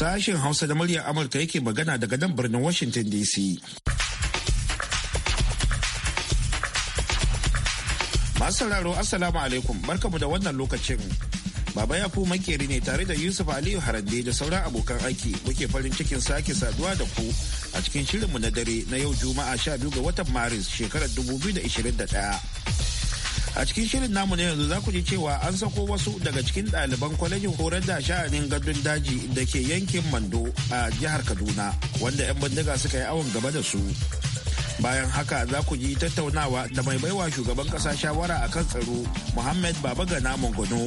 Sashen Hausa da muryar Amurka yake magana daga nan birnin Washington DC. Masu sauraro Assalamu alaikum barkamu da wannan lokacin. Baba ya fu makeri ne tare da Yusuf Aliyu Harande da sauran abokan aiki muke farin cikin sake saduwa da ku a cikin shirinmu na dare na yau Juma'a 12 ga watan Maris shekarar 2021. a cikin shirin namu na yanzu za ku ji cewa an sako wasu daga cikin ɗaliban kwalejin horar da sha'anin gadon daji da ke yankin mando a jihar kaduna wanda 'yan bindiga suka yi awon gaba da su bayan haka za ku ji tattaunawa da mai baiwa shugaban ƙasa shawara a kan tsaro muhammad babagana mongono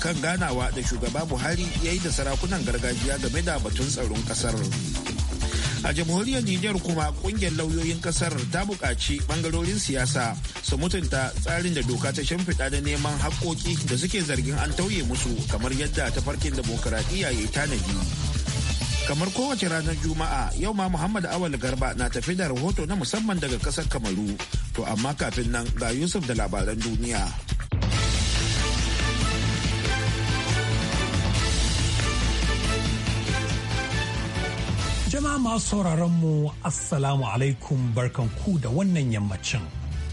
kan ganawa da shugaba buhari ya yi da sarakunan gargajiya game da batun tsaron ƙasar. a jamhuriyar niger kuma kungiyar lauyoyin kasar ta buƙaci bangarorin siyasa su mutunta tsarin da doka ta shimfiɗa da neman haƙƙoƙi da suke zargin an tauye musu kamar yadda ta farkin demokuraɗiyya ya tanadi kamar kowace ranar juma'a yau ma muhammad awal garba na tafi da rahoto na musamman daga ƙasar kamaru to amma kafin nan ga yusuf da labaran duniya Jama'a masu sauraron mu Assalamu alaikum barkanku da wannan yammacin.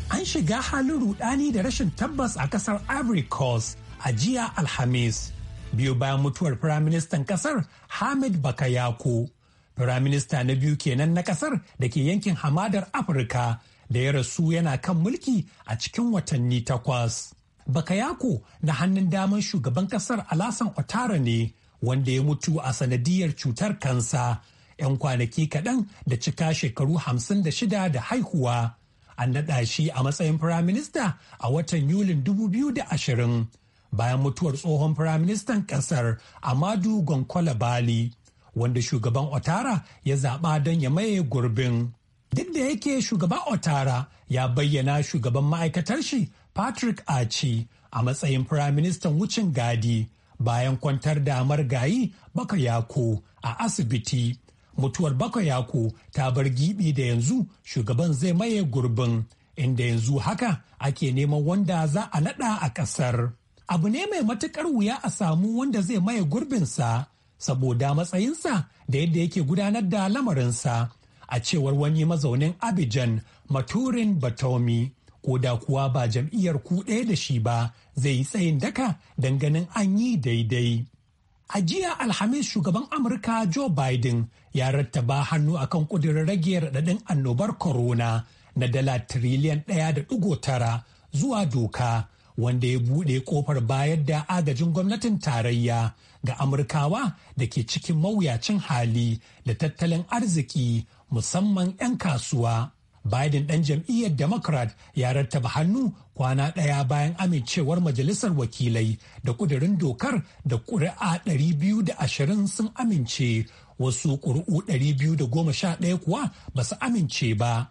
An shiga halin rudani da rashin tabbas a kasar Ivory Coast a jiya Alhamis. Biyu bayan mutuwar Firaministan kasar Hamid Bakayako. Firaminista na biyu kenan na kasar da ke yankin hamadar Afirka da ya rasu yana kan mulki a cikin watanni takwas. Bakayako na hannun daman shugaban kasar Alasan Otara ne wanda ya mutu a sanadiyar cutar kansa 'yan kwanaki kaɗan da cika shekaru hamsin da shida da haihuwa. An naɗa shi a matsayin firaminista a watan Yulin 2020 bayan mutuwar tsohon firaministan ƙasar Amadu Gonkola Bali, wanda shugaban Otara ya zaɓa don ya maye gurbin. Duk da yake shugaban Otara ya bayyana shugaban ma'aikatar shi Patrick Achi a matsayin firaministan wucin gadi bayan kwantar da margayi baka yako a asibiti. mutuwar yako ta bar gibi da yanzu shugaban zai maye gurbin inda yanzu haka ake neman wanda za a nada a kasar abu ne mai matukar wuya a samu wanda zai maye gurbinsa saboda matsayinsa da yadda yake gudanar da lamarinsa a cewar wani mazaunin abijan maturin batomi ko da kuwa ba jam'iyyar ku ɗaya da shi ba zai yi tsayin daka ganin an yi daidai A jiya Alhamis shugaban Amurka Joe Biden ya rattaba hannu akan kudirin rage raɗaɗin annobar corona na dala tiriliyan ɗaya da ɗigo tara zuwa doka wanda ya buɗe ƙofar bayar da agajin gwamnatin tarayya ga Amurkawa da ke cikin mawuyacin hali da tattalin arziki musamman 'yan kasuwa. Biden ɗan jam'iyyar Democrat ya rattaba hannu kwana ɗaya bayan amincewar majalisar wakilai da ƙudurin dokar da ƙuri'a 220 sun amince wasu ƙuri'u 211 kuwa ba su amince ba.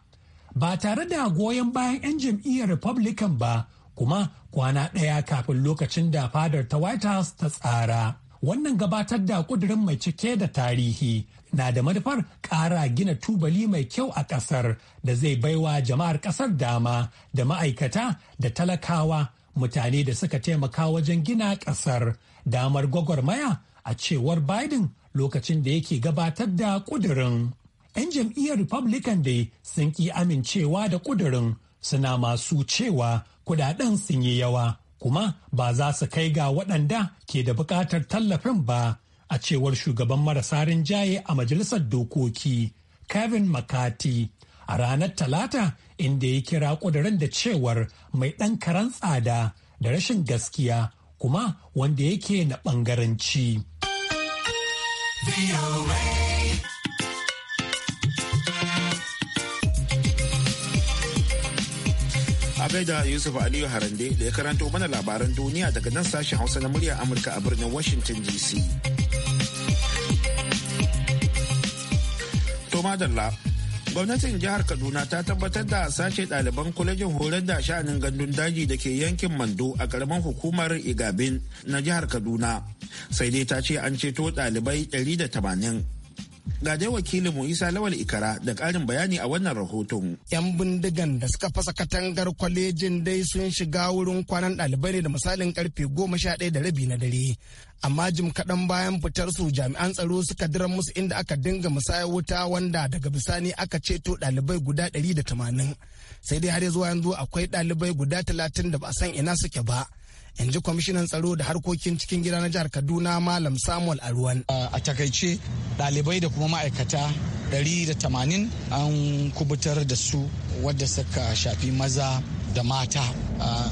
Ba tare da goyon bayan 'yan jam'iyyar Republican ba kuma kwana ɗaya kafin lokacin da fadar ta White House ta tsara. Wannan gabatar da ƙudurin mai cike da tarihi na da manufar ƙara gina tubali mai kyau a ƙasar da zai baiwa jama'ar ƙasar dama da ma'aikata da talakawa mutane da suka taimaka wajen gina ƙasar damar gwagwarmaya a cewar Biden lokacin da yake gabatar da ƙudurin. 'Yan jam'iyyar Republican dai sun ƙi amincewa da ƙudurin suna masu cewa kudaden sun yi yawa kuma ba za su kai ga waɗanda ke da buƙatar tallafin ba a cewar shugaban marasa rinjaye a majalisar dokoki kevin mccarthy a ranar talata inda ya kira kudurin da cewar mai ɗan karan tsada da rashin gaskiya kuma wanda yake na ɓangaranci. a yusuf aliyu harande da ya karanto mana labaran duniya daga nan sashen hausa na murya amurka a birnin washington dc To madalla. Gwamnatin jihar Kaduna ta tabbatar da sace ɗaliban kwalejin horar da sha'anin gandun daji da ke yankin Mando a ƙaramin hukumar Igabin na jihar Kaduna. Sai dai ta ce an ceto ɗalibai 180. Ga dai wakilin mu Isa Lawal Ikara da karin bayani a wannan rahoton. 'Yan bindigan da suka fasa katangar kwalejin dai sun shiga wurin kwanan ɗalibai da misalin karfe goma sha ɗaya da rabi na dare. Amma jim kaɗan bayan fitar su jami'an tsaro suka dira musu inda aka dinga musayar wuta wanda daga bisani aka ceto ɗalibai guda ɗari da tamanin. Sai dai har zuwa yanzu akwai ɗalibai guda talatin da ba a san ina suke ba. in ji kwamishinan tsaro da harkokin cikin gida na jihar kaduna malam samuel aruwan a takaice ɗalibai da kuma ma'aikata da tamanin an kubutar da su wadda suka shafi maza da mata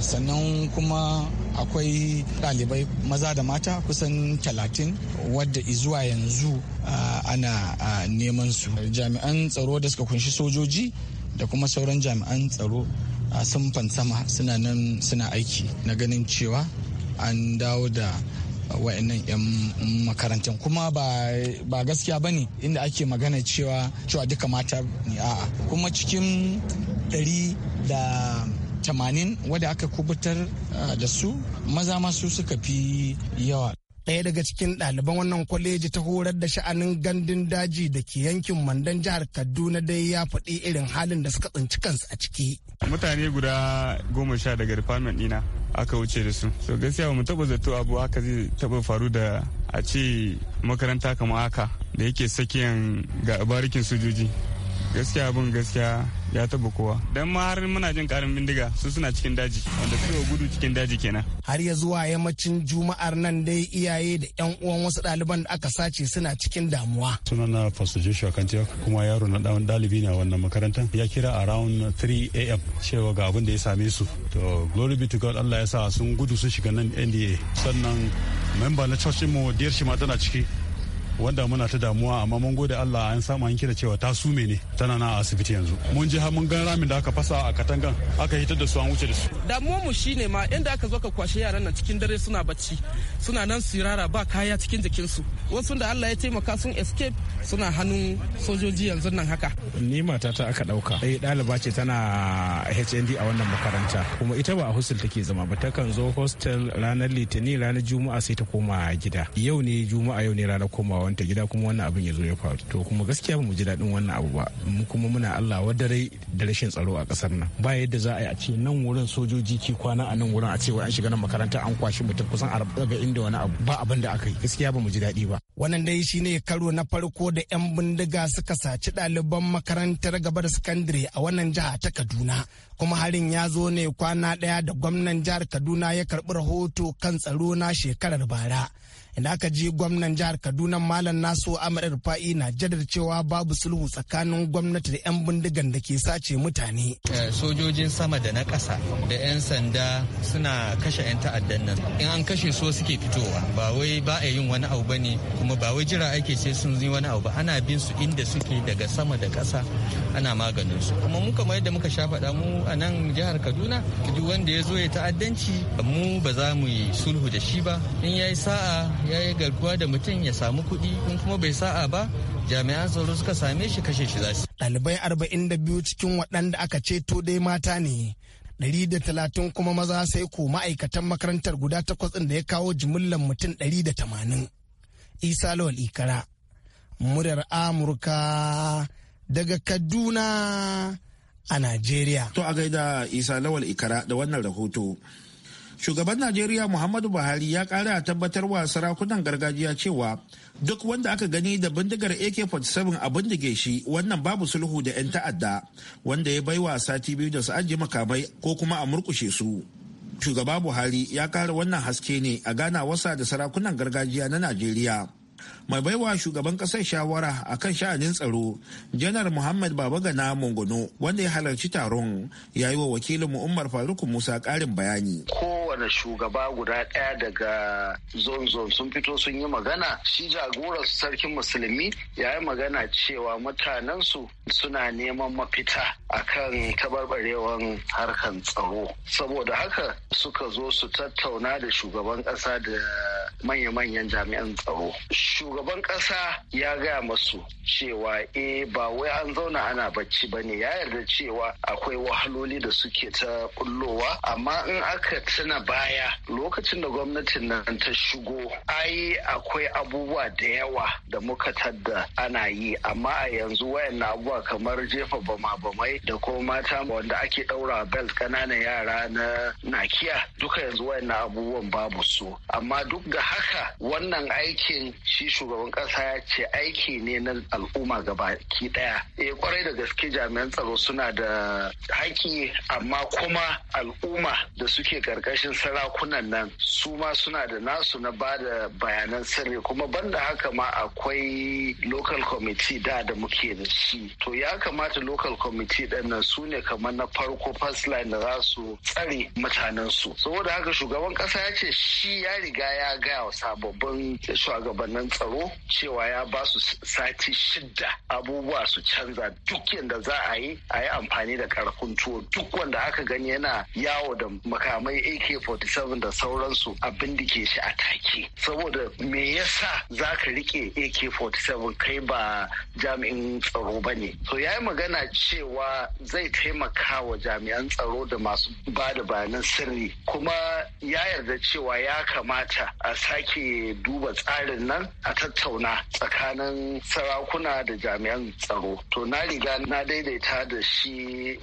sannan kuma akwai ɗalibai maza da mata kusan talatin wadda izuwa yanzu ana neman su jami'an tsaro da suka kunshi sojoji da kuma sauran jami'an tsaro sun sama suna nan suna aiki na ganin cewa an dawo da wa'annan 'yan makarantar kuma ba gaskiya ba ne inda ake magana cewa cewa duka mata ne a'a kuma cikin ɗari da tamanin wadda aka kubutar da su maza masu suka fi yawa ɗaya daga cikin ɗaliban wannan kwaleji ta horar da sha'anin gandun daji da ke yankin mandan jihar kaduna dai ya faɗi irin halin da suka tsinci kansu a ciki mutane guda goma sha daga department ɗina aka wuce da su so gaskiya ba mu taɓa zato abu haka zai taɓa faru da a ce makaranta kamar haka da yake sakiyan ga barikin sojoji gaskiya abin gaskiya ya taba kowa don ma har muna jin karin bindiga su suna cikin daji wanda suka gudu cikin daji kenan har ya zuwa yammacin juma'ar nan dai iyaye da yan uwan wasu ɗaliban da aka sace suna cikin damuwa sunana fasu joshua kantiyar kuma yaro na ɗan ɗalibi ne a wannan makarantar ya kira a round 3 am cewa ga abin da ya same su to glory be to god allah ya sa sun gudu sun shiga nan nda sannan memba na church mu diyar shi ma tana ciki wanda muna ta damuwa amma mun gode Allah an samu an kira cewa ta sume ne tana na asibiti yanzu mun je har mun ga ramin da aka fasa a katangan aka hitar da su an wuce da su damuwar mu shine ma inda aka zo ka kwashe yaran nan cikin dare suna bacci suna nan sirara ba kaya cikin jikin su wasu da Allah ya taimaka sun escape suna hannun sojoji yanzu nan haka ni mata ta aka dauka eh ɗaliba ce tana HND a wannan makaranta kuma ita ba a hostel take zama ba takan zo hostel ranar litinin ranar juma'a sai ta koma gida yau ne juma'a yau ne ranar komawa kawanta gida kuma wannan abin ya zo ya faru to kuma gaskiya ba mu ji daɗin wannan abu ba mu kuma muna Allah rai da rashin tsaro a ƙasar nan ba yadda za a yi a ce nan wurin sojoji ke kwana a nan wurin a ce wai an shiga nan makaranta an kwashi mutum kusan arba'in ga inda wani abu ba abin da aka yi gaskiya ba mu ji daɗi ba wannan dai shine karo na farko da 'yan bindiga suka saci ɗaliban makarantar gaba da sakandare a wannan jiha ta kaduna kuma harin ya zo ne kwana ɗaya da gwamnan jihar kaduna ya karɓi rahoto kan tsaro na shekarar bara inda aka ji gwamnan jihar kaduna malam nasu amir rufa'i na jadar cewa babu sulhu tsakanin gwamnati da 'yan bindigan da ke sace mutane eh, sojojin sama da na ƙasa da 'yan sanda suna kashe 'yan ta'addan nan in an kashe so suke fitowa ba wai ba a yin wani abu bane kuma ba wai jira ake sai sun yi wani abu ana bin su inda suke daga sama da ƙasa ana maganin su kuma mu kamar yadda muka sha faɗa mu a nan jihar kaduna duk wanda ya zo ya ta'addanci mu ba za mu yi sulhu da shi ba in ya yi sa'a ya yi garkuwa da mutum ya samu kuɗi in kuma bai sa'a ba jami'an tsaro suka same shi kashe shi zasu. ɗalibai arba'in da biyu cikin waɗanda aka ceto dai mata ne ɗari da talatin kuma maza sai ko ma'aikatan makarantar guda takwas ɗin da ya kawo jimillar mutum ɗari da tamanin. isa lawal ikara muryar amurka daga kaduna a najeriya to a gaida isa lawal ikara da wannan rahoto shugaban najeriya muhammadu buhari ya kara a tabbatar wa sarakunan gargajiya cewa duk wanda aka gani da bindigar ak-47 a bindige shi wannan babu sulhu da 'yan ta'adda wanda ya baiwa sati biyu da su ajiye makamai ko kuma a murkushe su shugaba buhari ya kara wannan haske ne a gana wasa da sarakunan gargajiya na najeriya mai baiwa shugaban kasar shawara a kan sha'anin tsaro janar muhammad babagana mongono wanda ya halarci taron ya yi wa wakilinmu umar faruk musa karin bayani kowane shugaba guda ɗaya daga zonzon sun fito sun yi magana shi jagorar sarkin musulmi ya yi magana cewa mutanensu suna neman mafita a kan tabarbarewan harkan tsaro saboda haka suka zo su tattauna da shugaban ƙasa da manya-manyan jami'an tsaro shugaban ƙasa ya gaya masu cewa eh ba wai an zauna ana bacci ba ne ya yarda cewa akwai wahaloli da suke ta bullowa amma in aka tuna baya lokacin da gwamnatin nan ta shigo ai akwai abubuwa da yawa da muka tadda ana yi amma a yanzu na abubuwa kamar jefa bama-bamai da kuma mata wanda ake ɗaura belt ƙananan yara na nakiya duka yanzu na abubuwan babu su amma duk da haka wannan aikin shi shugaban kasa ya ce aiki ne na al'umma gaba ki daya eh kwarai da gaske jami'an tsaro suna da haƙi amma kuma al'umma da suke karkashin sarakunan nan su ma suna da nasu na ba da bayanan sirri kuma banda haka ma akwai local committee da da muke da shi to ya kamata local committee din nan su ne kamar na farko first line da za su tsare mutanen su saboda haka shugaban kasa ya ce shi ya riga ya gaya wa sababbin shugabannin tsaro cewa ya ba su sati shida abubuwa su canza duk yadda za a yi a yi amfani da karfin tuwo duk wanda aka gani yana yawo da makamai ak-47 da sauransu a bindike shi a take saboda me yasa za ka rike ak-47 kai ba jami'in tsaro ba ne to ya yi magana cewa zai taimaka wa jami'an tsaro da masu ba da bayanan sirri kuma ya yarda cewa ya kamata a sake duba tsarin nan a tattauna tsakanin sarakuna da jami'an tsaro to na riga na daidaita da shi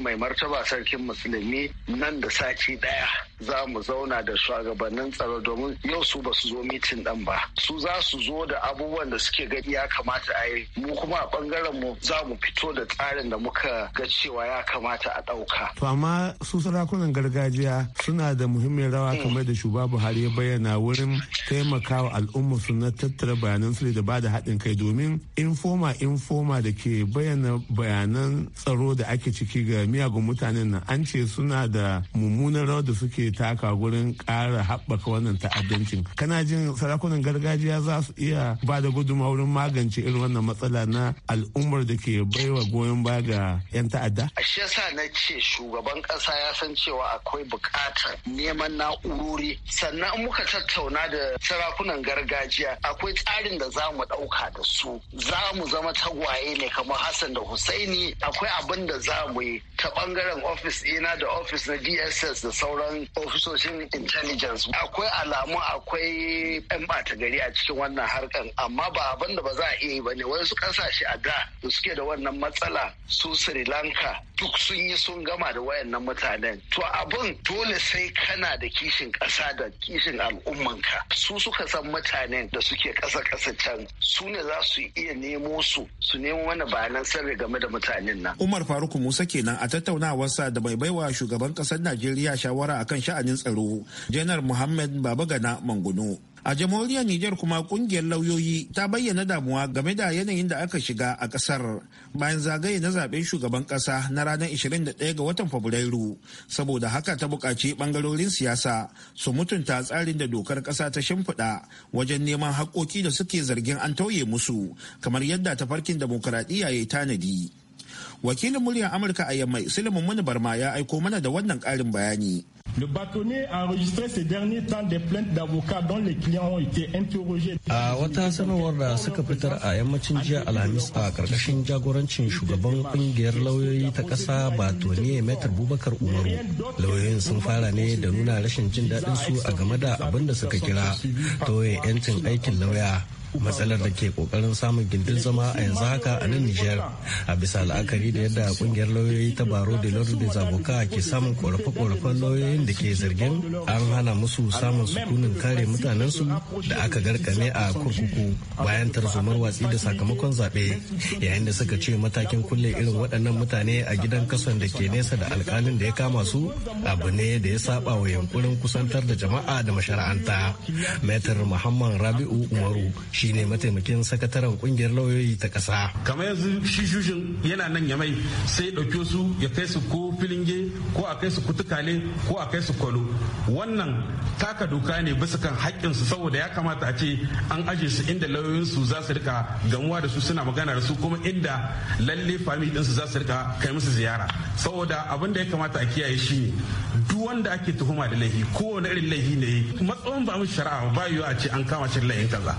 mai martaba sarkin musulmi nan da sati daya za mu zauna da shugabannin tsaro domin yau su ba su zo mitin ɗin ba su za su zo da abubuwan da suke gani ya kamata a yi mu kuma a bangaren mu za mu fito da tsarin da muka ga cewa ya kamata a ɗauka. to amma su sarakunan gargajiya suna da muhimmiyar rawa eh. kamar da shugaba buhari ya bayyana wurin ta taimaka wa su na tattara bayanan sule da bada haɗin kai domin informa informa da ke bayyana bayanan tsaro da ake ciki ga miyagun mutanen nan an ce suna da mummunan rawar da suke taka gurin ƙara haɓaka wannan ta'addancin kana jin sarakunan gargajiya za su iya ba da gudunmawa wurin magance irin wannan matsala na al'ummar da ke baiwa goyon baya ga 'yan ta'adda? shi yasa na ce shugaban ƙasa ya san cewa akwai bukatar neman na'urori sannan muka tattauna da sarakunan gargajiya akwai tsarin da za mu ɗauka da su za mu zama tagwaye ne kamar hassan da husaini akwai abin da za mu yi ta ɓangaren ofis ina da ofis na dss da sauran ofisoshin intelligence akwai alamu akwai 'yan bata gari a cikin wannan harkan amma ba abin da ba za a iya yi ba ne wasu ƙasashe a da da suke da wannan matsala su sri lanka duk sun yi sun gama da wayannan mutanen to abin dole sai kana da kishin ƙasa da kishin al'ummanka su suka san mutanen da suke ƙasa ƙasa can su ne za su iya nemo su su nemo mana bayanan sirri game da mutanen nan. Umar Faruk Musa kenan a tattaunawarsa da mai baiwa shugaban ƙasar Najeriya shawara akan sha'anin tsaro, Janar Muhammad Babagana Manguno. A jamhuriyar Nijar kuma kungiyar lauyoyi ta bayyana damuwa game da yanayin da aka shiga a kasar bayan zagaye na zaben shugaban kasa na ranar 21 ga watan Fabrairu. Saboda haka ta buƙaci ɓangarorin siyasa su mutunta tsarin da dokar ƙasa ta shimfiɗa wajen neman haƙƙoƙi da suke zargin an tauye musu kamar yadda tafarkin dimokuraɗiyya ya yi tanadi. wakilin muryar amurka a yammai sulaiman muni barma ya aiko mana da wannan karin bayani Le bâtonnier a enregistré ces derniers temps des plaintes d'avocats dont les clients ont été interrogés. A wata sanarwar da suka fitar a yammacin jiya Alhamis a karkashin jagorancin shugaban kungiyar lauyoyi ta ƙasa Batoniye Metar Bubakar Umaru. Lauyoyin sun fara ne da nuna rashin jin daɗin su a game da abin da suka kira toye 'yancin aikin lauya matsalar da ke kokarin samun gindin zama a yanzu haka a nan Nijar a bisa la'akari da yadda kungiyar lauyoyi ta baro da lardu da zabuka ke samun korafe-korafen lauyoyin da ke zargin an hana musu samun sukunin kare mutanensu da aka garkame a kurkuku bayan tarzomar watsi da sakamakon zaɓe yayin da suka ce matakin kulle irin waɗannan mutane a gidan kasan da ke nesa da alkalin da ya kama su abu ne da ya saba wa yankurin kusantar da jama'a da mashara'anta. Metar Muhammad Rabi'u Umaru shine mataimakin sakataren kungiyar lauyoyi ta kasa kamar yanzu shi shushin yana nan ya mai sai ɗauke su ya kai su ko filinge ko a kai su kutukale ko a kai su kwalo wannan taka doka ne bisa kan su saboda ya kamata a ce an aje su inda lauyoyinsu za su rika gamuwa da su suna magana da su kuma inda lalle famili ɗinsu za su rika kai musu ziyara saboda abin da ya kamata a kiyaye shi ne duk wanda ake tuhuma da laifi kowane irin laifi ne matsayin ba mu shari'a ba yiwu a ce an kama shi laifin kaza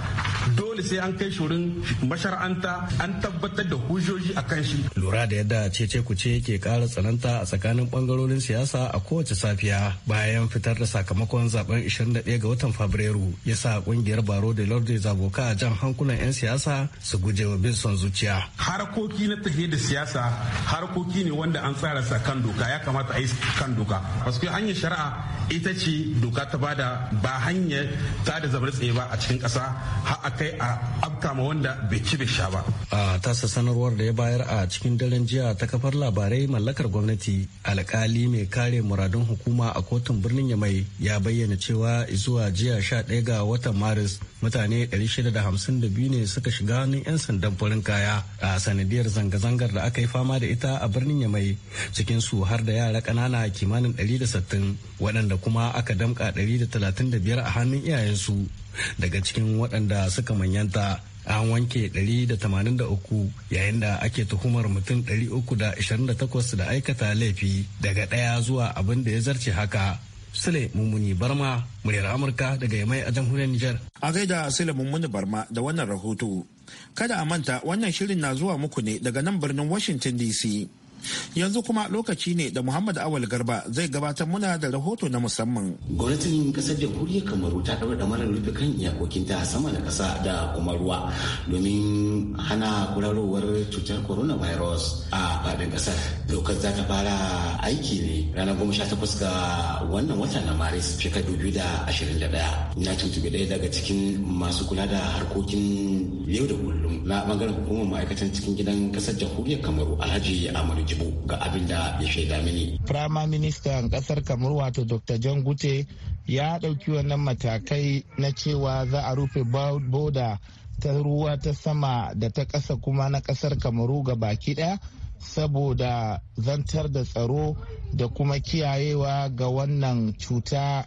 dole sai an kai shurin mashar'anta an tabbatar da hujjoji a kan shi lura da yadda cece kuce ke kara tsananta a tsakanin bangarorin siyasa a kowace safiya bayan fitar da sakamakon zaben 21 ga watan fabrairu ya sa kungiyar baro da lorde zaboka jan hankulan 'yan siyasa su guje wa bin son zuciya harkoki na tafiye da siyasa harkoki ne wanda an tsara sa kan doka ya kamata a yi kan doka wasu hanyar shari'a ita ce doka ta bada ba hanyar ta da zabar tsaye ba a cikin ƙasa har kai a ma wanda bai ci bai sha ba. A tasa sanarwar da ya bayar a cikin daren jiya ta kafar labarai mallakar gwamnati alkali mai kare muradun hukuma a kotun birnin Yamai ya bayyana cewa zuwa jiya sha 11 ga watan Maris mutane 652 ne suka shiga hannun 'yan sandan farin kaya a sanadiyar zanga-zangar da aka yi fama da ita a birnin yamai cikin su har da yara ƙanana kimanin 160 waɗanda kuma aka damƙa 135 a hannun iyayensu daga cikin waɗanda suka manyanta an wanke 183 yayin da ake tuhumar mutum 328 da aikata laifi daga ɗaya zuwa abin da ya zarce haka Sule Mummuni Barma, muryar Amurka daga Yamai a jamhuriyar Nijar. A gaida Sule Mummuni Barma da wannan rahoto. Kada a manta wannan shirin na zuwa muku ne daga nan birnin Washington DC. yanzu kuma lokaci ne da muhammad awal garba zai gabatar muna da rahoto na musamman gwamnatin kasar jamhuriyar kamaru ta ɗaura da mara rufe kan iyakokinta sama da kasa da kuma ruwa domin hana kurarowar cutar virus a faɗin kasar. dokar za ta fara aiki ne ranar goma sha takwas ga wannan wata na maris shekaru dubu da ashirin da ɗaya na tuntuɓi ɗaya daga cikin masu kula da harkokin yau da kullum na ɓangaren hukumar ma'aikatan cikin gidan kasar jamhuriyar kamaru alhaji amadu jibu ga abin da ya shaida mini. Firama ministan kasar Kamar wato Dr. John Gute ya ɗauki wannan matakai na cewa za a rufe boda ta ruwa ta sama da ta ƙasa kuma na ƙasar Kamaru ga baki ɗaya saboda zantar da tsaro da kuma kiyayewa ga wannan cuta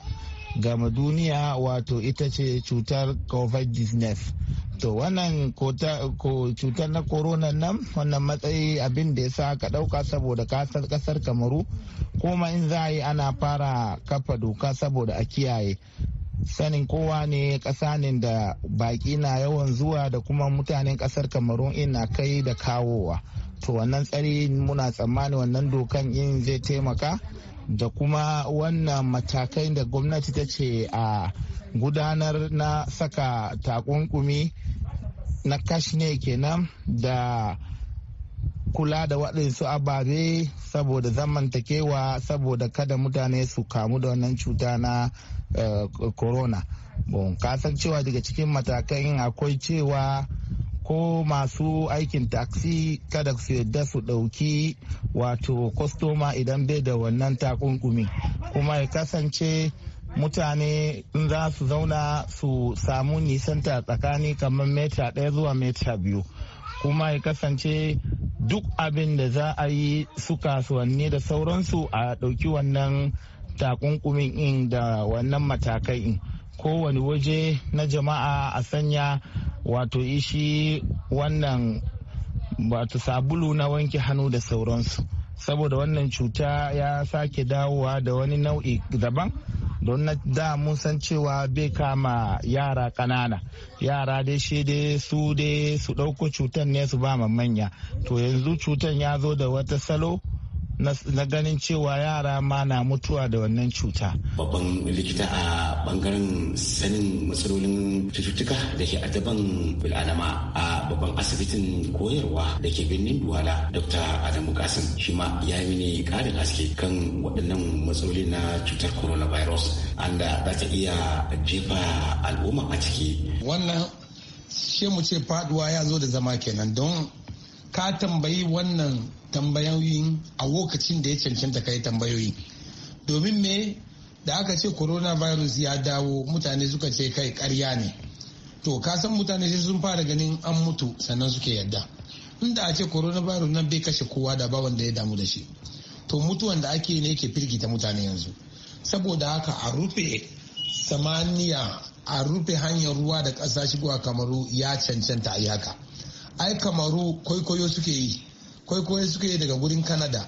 ga duniya wato ita ce cutar covid-19 to wannan cutar na corona nan wannan matsayi abin da ya sa ka ɗauka saboda kasar kasar kamaru kuma in za a yi ana fara kafa doka saboda a kiyaye sanin kowa ne kasa ne da baƙi na yawan zuwa da kuma mutanen ƙasar kamarun ina kai da kawowa to wannan tsari muna tsammani wannan dokan in zai taimaka da kuma wannan matakai da gwamnati ta ce a gudanar na saka takunkumi na ne kenan da kula da waɗansu ababe saboda zamantakewa saboda kada mutane su kamu da wannan cuta na eh, corona kasan cewa daga cikin matakan akwai cewa ko masu aikin taksi kada su yadda su ɗauki wato kostoma idan bai da wannan takunkumi kuma ya kasance mutane za su zauna su samu nisanta tsakani kamar mita ɗaya zuwa mita biyu kuma ya kasance duk abin da za a yi su kasuwanni da sauransu a ɗauki wannan takunkumin in da wannan matakai in kowane waje na jama'a a sanya wato ishi wannan wato sabulu na wanke hannu da sauransu saboda wannan cuta ya sake dawowa da wani nau'i daban don na da mun san cewa bai kama yara kanana yara dai shi dai su dai su ɗauko cutar ne su ba manya to yanzu cutar ya zo da wata salo na ganin cewa yara ma na mutuwa da wannan cuta. Babban likita a bangaren sanin matsalolin cututtuka da ke adaban bil'adama a babban asibitin koyarwa da ke birnin Duwala Dr. Adamu Kasim shi ma ya yi ne karin haske kan waɗannan matsaloli na cutar coronavirus anda za ta iya jefa al'umma a ciki. Wannan shi mu ce faduwa ya zo da zama kenan don ka tambayi wannan tambayoyin a lokacin da ya cancanta kai tambayoyi domin me da aka ce coronavirus ya dawo mutane suka ce kai karya ne to ka san mutane sai sun fara ganin an mutu sannan suke yadda inda a ce coronavirus nan bai kashe kowa da ba wanda ya damu da shi to mutuwan da ake ne ke firgita mutane yanzu saboda haka a rufe samaniya a rufe hanyar ruwa da ƙasa shigowa kamaru ya cancanta a haka ai kamaru kwaikwayo suke yi kwaikwayo suke daga gurin canada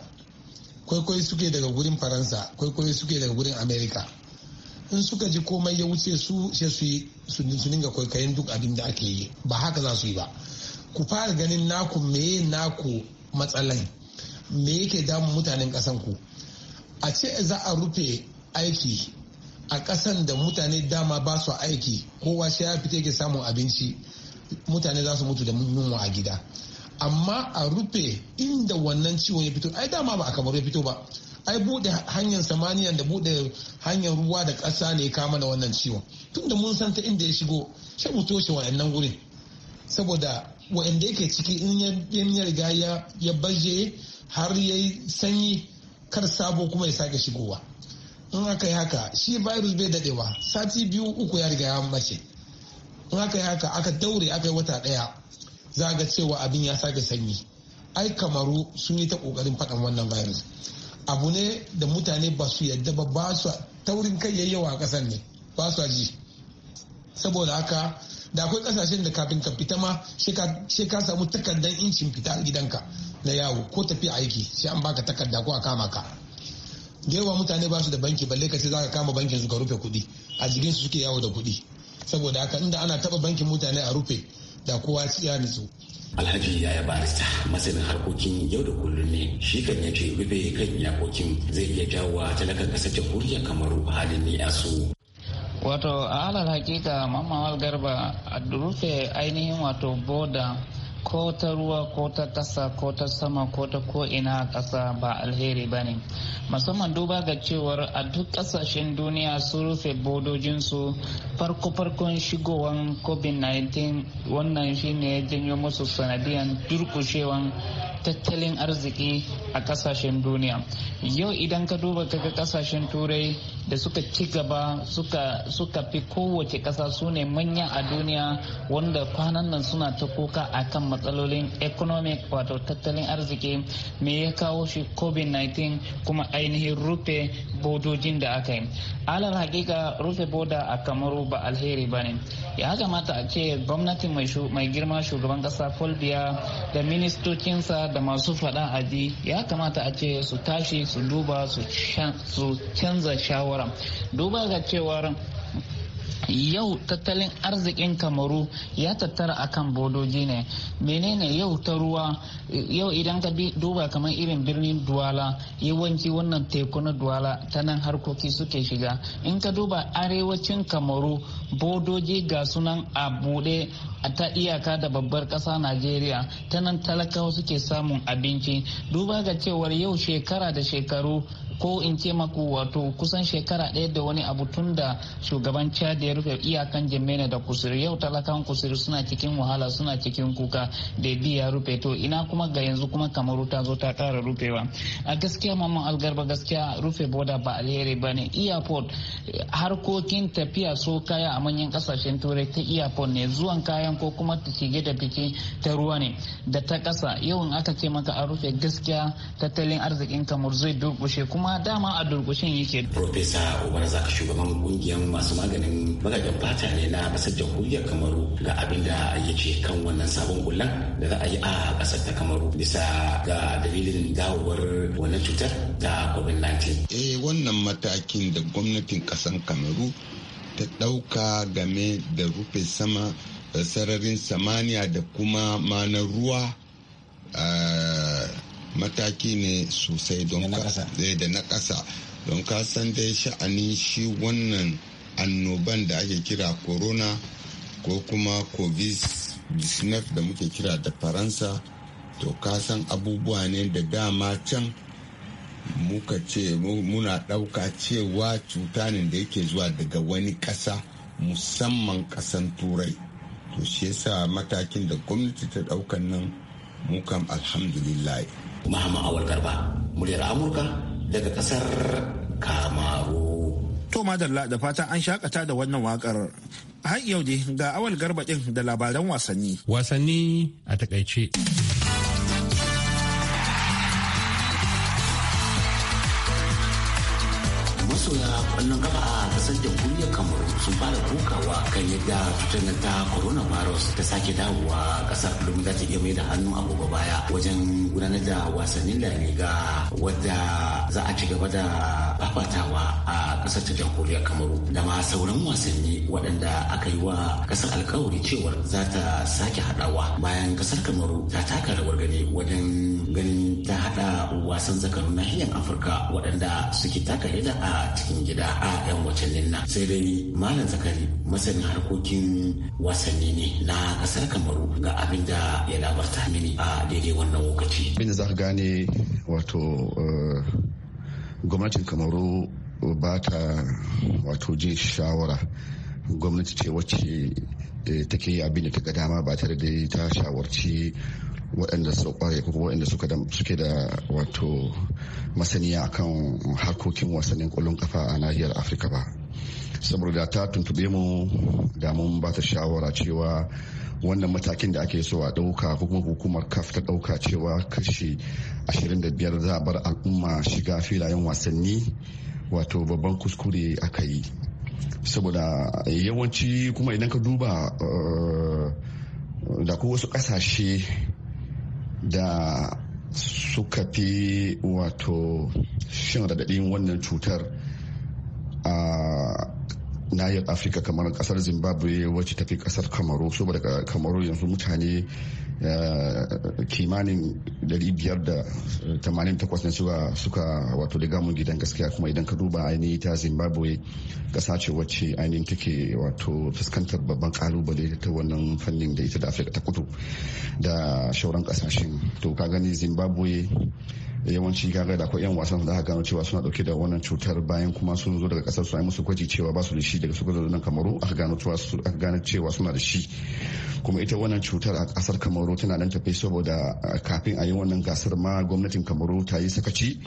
kwaikwayo suke daga gurin faransa kwaikwayo suke daga gurin Amerika in suka ji komai ya wuce su sai su yi su dinga kwaikwayon duk abin da ake yi ba haka za su yi ba ku fara ganin naku meye naku matsalan me yake damun mutanen kasan ku a ce za a rufe aiki a kasan da mutane dama ba su aiki kowa sai ya fita yake samun abinci mutane za su mutu da yunwa a gida amma a rufe inda wannan ciwon ya fito ai dama ba a kamar ya fito ba ai bude hanyar samaniya da bude hanyar ruwa da ƙasa ne kama da wannan ciwon tunda mun san ta inda ya shigo sai mu toshe wa'annan wurin saboda wayanda yake ciki in ya riga ya baje har ya yi sanyi kar sabo kuma ya sake shigowa in aka yi haka shi virus bai dadewa sati biyu uku ya riga ya mace in aka yi haka aka daure aka yi wata daya za ga cewa abin ya sake sanyi ai kamaru sun yi ta kokarin faɗan wannan virus abu ne da mutane ba su yadda ba ba su taurin kai yayyawa a ƙasar ne ba su ji saboda haka da akwai kasashen da kafin ka fita ma sai ka samu takardar incin fita a gidanka na yawo ko tafi aiki sai an baka takarda ko a kama ka da yawa mutane ba su da banki balle ka ce za ka kama bankin su ka rufe kuɗi a jikin suke yawo da kuɗi saboda haka inda ana taba bankin mutane a rufe da kowa ya nutsu alhaji ya yi barista masanin harkokin yau da kullum ne shi kan ya ce rufe kan iyakokin zai iya jawo talakan kasar jamhuriyar kamaru halin ne ya so wato a halar hakika mamman garba a rufe ainihin wato boda ko ta ruwa ko ta ƙasa ko ta sama ko ta ko'ina a ƙasa ba alheri ba ne musamman duba ga cewar a duk ƙasashen duniya su rufe bodojinsu farko-farkon shigowan covid-19 wannan shine ya janyo musu sanadiyan durkushewan tattalin arziki a ƙasashen duniya yau idan ka duba kaga ƙasashen turai da suka ci gaba suka fi kowace ƙasa su ne manya a duniya wanda kwanan nan suna ta kuka kan matsalolin economic wato tattalin arziki me ya kawo shi covid-19 kuma ainihin rufe bodojin da aka yi alal hakika rufe boda a kamaru ba alheri ba ne ya kamata a ce gwamnatin mai girma shugaban kasa folbiya da ministocinsa da masu faɗa aji ya kamata a ce su tashi su duba su canza shawara duba ga cewar yau tattalin arzikin kamaru ya tattara akan bodoji ne menene yau ta ruwa yau idan ka duba kamar irin birnin duwala yawanci wannan teku na duwala ta nan harkoki suke shiga in ka duba arewacin kamaru bodoji ga sunan a bude a ta iyaka da babbar kasa najeriya ta nan talakawa suke samun abinci duba ga cewar yau shekara da shekaru ko in ce maku wato kusan shekara ɗaya da wani abu tun da shugaban chad ya rufe iyakan jimena da kusuri yau talakan kusuri suna cikin wahala suna cikin kuka da bi ya rufe to ina kuma ga yanzu kuma kamaru ta zo ta ƙara rufewa a gaskiya mamman algarba gaskiya rufe boda ba alheri ba ne harkokin tafiya so kaya a manyan kasashen turai ta airport ne zuwan kayan ko kuma ta shige da fice ta ruwa ne da ta ƙasa yau in aka ce maka a rufe gaskiya tattalin arzikin kamar zai durƙushe kuma ma dama a durkushin yake. Profesa Obarazaka shugaban kungiyar masu maganin maganin fata ne na kasar jamhuriyar Kamaru ga abin da ya ce kan wannan sabon kullan da za a yi a kasar ta Kamaru bisa ga dalilin dawowar wannan cutar da COVID-19. Eh wannan matakin da gwamnatin kasar Kamaru ta ɗauka game da rufe sama sararin samaniya da kuma manar ruwa mataki ne sosai eh, da na ƙasa don kasan dai sha'anin shi wannan annoban da ake kira corona ko kuma covid-19 da muke kira da faransa to kasan abubuwa ne da dama can muka ce muna ɗauka cewa cuta ne da yake zuwa daga wani ƙasa musamman ƙasan turai to shi yasa matakin da gwamnati ta ɗaukan nan mukan alhamdulillah Mahama Awal Garba, muryar Amurka daga kasar Kamaru. To madalla da fatan an shakata da wannan wakar. Har yau dai ga Awal Garba din da labaran wasanni. Wasanni a takaice. masoya kwallon ƙafa a kasar jamhuriyar kamaru sun fara kukawa kan yadda cutar ta coronavirus ta sake dawowa kasar domin za ta iya mai da hannu a gobe baya wajen gudanar da wasannin la liga wadda za a ci gaba da fafatawa a kasar ta jamhuriyar kamaru da ma sauran wasanni waɗanda aka yi wa kasar alkawari cewar za ta sake haɗawa bayan kasar kamaru ta taka rawar gani wajen ganin ta hada wasan zakarun nahiyar afirka waɗanda suke taka rida a cikin gida a 'yan watannin nan sai dai malam zakari masanin harkokin wasanni ne na ƙasar kamaru ga abin da ya labarta mini a daidai wannan lokaci abin da za ka gane wato eh, gwamnatin kamaru ba ta wato jin shawara gwamnati ce wacce eh, take yi abin da ta ga dama ba tare da ta shawarci waɗanda su ko waɗanda suke da wato masaniya akan harkokin wasannin ƙwallon kafa a nahiyar afirka ba saboda ta tuntube mu da mun ba ta shawara cewa wannan matakin da ake so a ɗauka ko kuma hukumar kaf ta ɗauka cewa kashi 25 za a bar al'umma shiga filayen wasanni wato babban kuskure aka yi saboda yawanci kuma idan ka duba eh, da ko wasu ƙasashe da suka fi wato shin radadin wannan cutar a nahiyar afirka kamar kasar zimbabwe wacce tafi kasar kamaru saboda kamaru yanzu mutane kimanin 588 eh, ne suka wato riga mun gidan gaskiya kuma idan ka duba ainihi ta zimbabwe kasa ce wacce ainihin take wato fuskantar babban kalubale ta wannan fannin da ita da afirka ta kudu da shauran kasashen to ka gani zimbabwe yawanci kaga da akwai yan wasan da aka gano cewa suna dauke da wannan cutar bayan kuma sun zo daga kasar su ai musu gwaji cewa ba su da shi daga su zo nan kamaru aka gano cewa aka gano cewa suna da shi kuma ita wannan cutar a kasar kamaru tana nan tafi saboda kafin a yi wannan gasar ma gwamnatin kamaru ta yi sakaci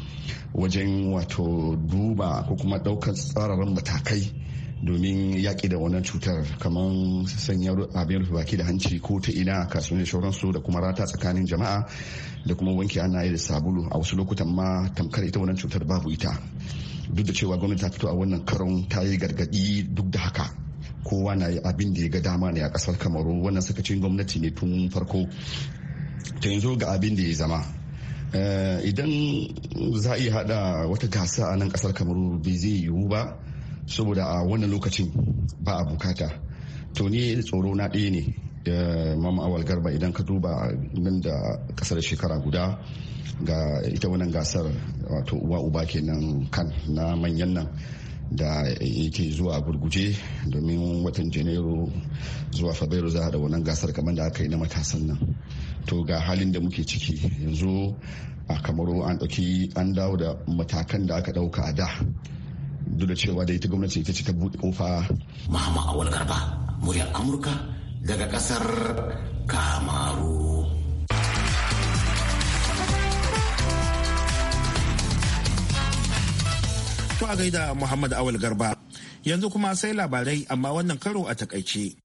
wajen wato duba ko kuma daukar tsararren matakai domin yaƙi da wannan cutar kamar sanya abin rufe baki da hanci ko ta ina da sauransu da kuma rata tsakanin jama'a da kuma wanke yi da sabulu a wasu lokutan ma tamkar ita wannan cutar babu ita duk da cewa gwamnati ta fito a wannan karon ta yi gargaɗi duk da haka kowa na abin da ya ga dama ne a ƙasar kamaru wannan sakacin gwamnati ne tun farko ta yanzu ga abin da ya zama eh, idan za a iya hada wata gasa a nan kasar kamaru bai zai yiwu ba saboda a wannan lokacin ba a bukata to ni tsoro na ɗaya ne da awal garba idan ka duba nan da kasar shekara guda ga ita wannan gasar wato uwa uba kenan kan na manyan nan da yake zuwa gurguje domin watan janairu zuwa fabrairu za a da wannan gasar kamar da aka yi na matasan nan to ga halin da muke ciki yanzu a kamaru an ɗauki an dawo da matakan da aka ɗauka a da duk da cewa da ita gwamnati ita ce ta buɗe kofa. Muhammad Awal Garba, muryar Amurka daga ƙasar Kamaru. To a gaida Muhammad Awal Garba, yanzu kuma sai labarai amma wannan karo a takaice.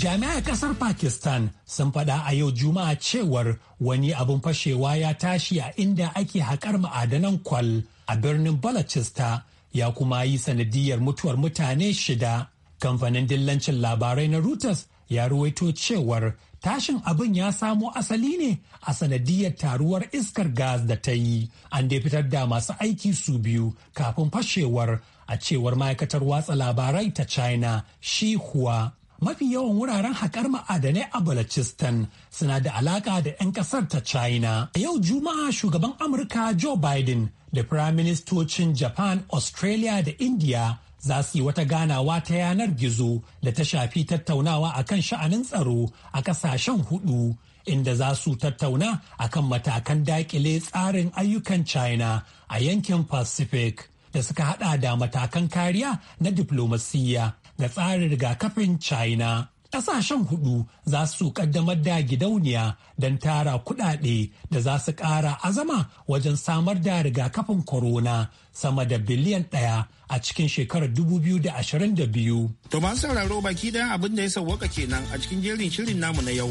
Jami'ar kasar Pakistan sun faɗa a yau Juma'a cewar wani abin fashewa ya tashi a inda ake haƙar ma'adanan kwal a birnin Balochistan ya kuma yi sanadiyar mutuwar mutane shida. Kamfanin dillancin labarai na Reuters ya ruwaito cewar tashin abin ya samo asali ne a sanadiyar taruwar iskar gas da ta yi. An dai fitar da masu aiki su biyu kafin fashewar a cewar ma'aikatar watsa labarai ta China, shi kuwa. mafi yawan wuraren haƙar ma'adanai a Balochistan suna da alaƙa da 'yan ƙasar ta China. A yau Juma'a shugaban Amurka Joe Biden da firaministocin Japan, Australia da India za su yi wata ganawa ta yanar gizo da ta shafi tattaunawa a kan sha'anin tsaro a ƙasashen hudu. inda za su tattauna a kan matakan daƙile tsarin ayyukan China a yankin Pacific da suka hada da matakan kariya na diplomasiyya ga tsarin rigakafin China. Ƙasashen hudu za su ƙaddamar da gidauniya don tara kuɗaɗe da za su ƙara azama wajen samar da rigakafin corona sama da biliyan ɗaya a cikin shekarar 2022. To masu sauraro baki da abin da ya sauwaka kenan a cikin jerin shirin namu na yau.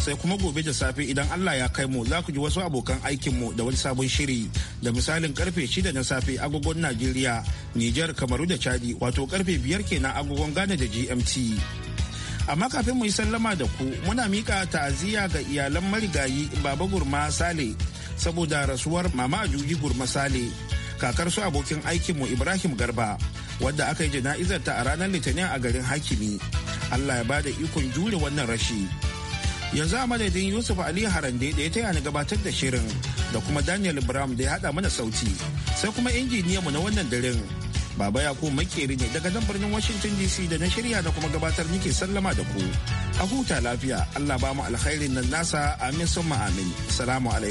sai kuma gobe da safe idan Allah ya kai mu za ku ji wasu abokan aikinmu da wani sabon shiri da misalin karfe 6 na safe agogon Najeriya, Nijar, Kamaru da Chadi wato karfe 5 kenan agogon Ghana da GMT. Amma kafin mu yi sallama da ku muna mika ta'aziyya ga iyalan marigayi Baba Gurma Sale saboda rasuwar Mama Ajuji Gurma Sale kakar su abokin aikinmu Ibrahim Garba wadda aka yi jana'izarta a ranar Litinin a garin Hakimi. Allah ya bada ikon jure wannan rashi. yanzu a madadin yusuf ali harande da ya taya ni gabatar da shirin da kuma daniel brown da ya hada mana sauti sai kuma injiniyanmu na wannan daren baba yaku makeri ne daga nan birnin washington dc da na shirya da kuma gabatar nike sallama da ku a huta lafiya allah ba mu alkhairin nan nasa amin summa amin salamu alaikum